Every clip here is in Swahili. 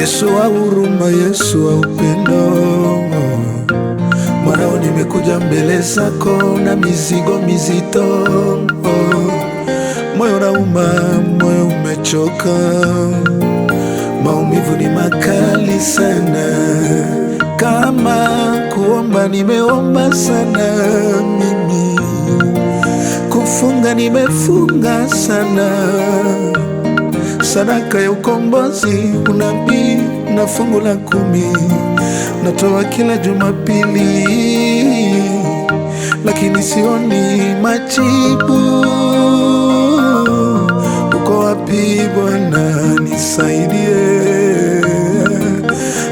Yesu wa huruma, Yesu wa upendo, mwanao, nimekuja mbele zako na mizigo mizito. Moyo unauma, moyo umechoka, maumivu ni makali sana, kama kuomba nimeomba sana mimi, kufunga nimefunga sana sadaka ya ukombozi, unabii na fungu la kumi natoa kila Jumapili, lakini sioni majibu. Uko wapi Bwana, nisaidie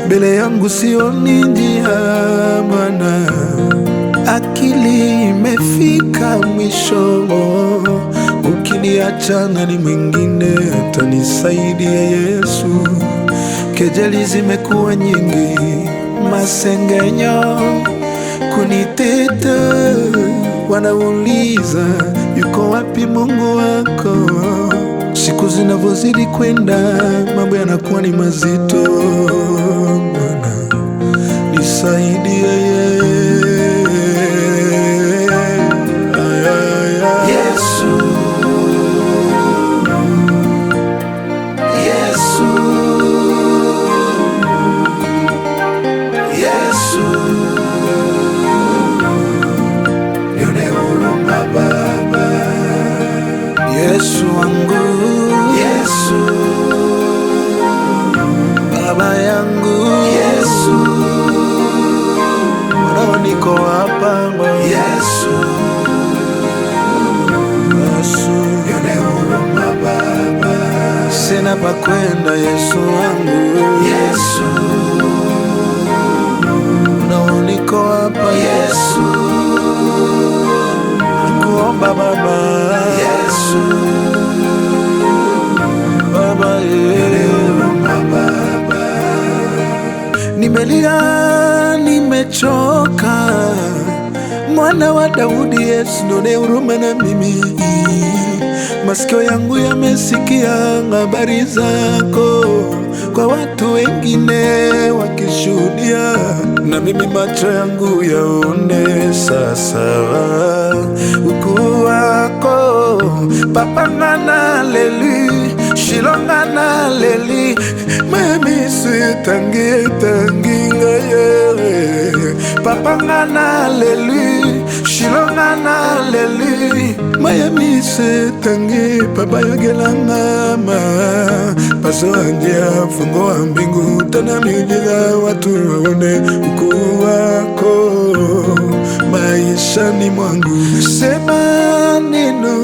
mbele yangu sioni njia Bwana, akili imefika mwisho ukiniacha nani mwingine atanisaidia? Yesu, kejeli zimekuwa nyingi, masengenyo kuniteta, wanauliza yuko wapi Mungu wako? Siku zinavyozidi kwenda, mambo yanakuwa ni mazito. Bwana nisaidie. Yesu wangu, Yesu baba yangu, Yesu mwanao, niko hapa Yesu, sina pa kwenda, Yesu wangu, Yesu mwanao, niko hapa Yesu nimelia, nimechoka. Mwana wa Daudi, Yesu none huruma na mimi, masikio yangu yamesikia habari zako, kwa watu wengine wakishuhudia, na mimi macho yangu yaone sasa ukuu wako. Papa ngana leli shilongana leli etangi etangi ngaye papanga na leli shilonga na leli mayamise etangi papa yogelanga ma paso andia fungo wa mbingu tana miujiza watu waone ukuu wako maishani mwangu sema neno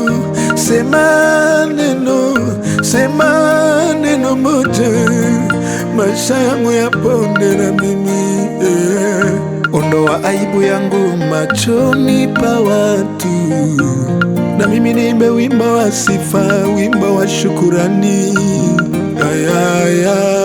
sema neno sema neno moja maisha yangu ya ponde na mimi yeah. Ondoa aibu yangu machoni pa watu, na mimi niimbe wimbo wa sifa, wimbo wa shukurani ayaya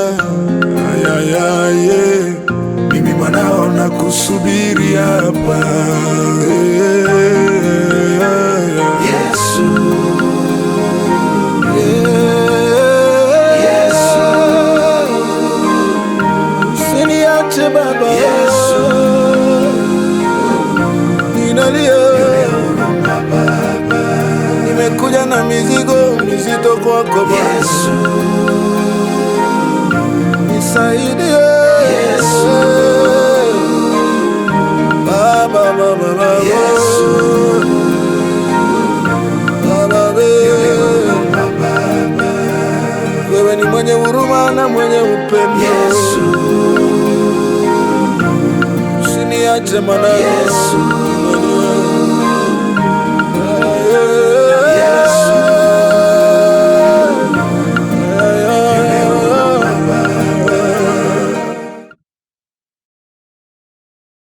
wito kwako Yesu, nisaidie Yesu, baba mwenye huruma na mwenye upendo Yesu, usiniache mwanangu Yesu.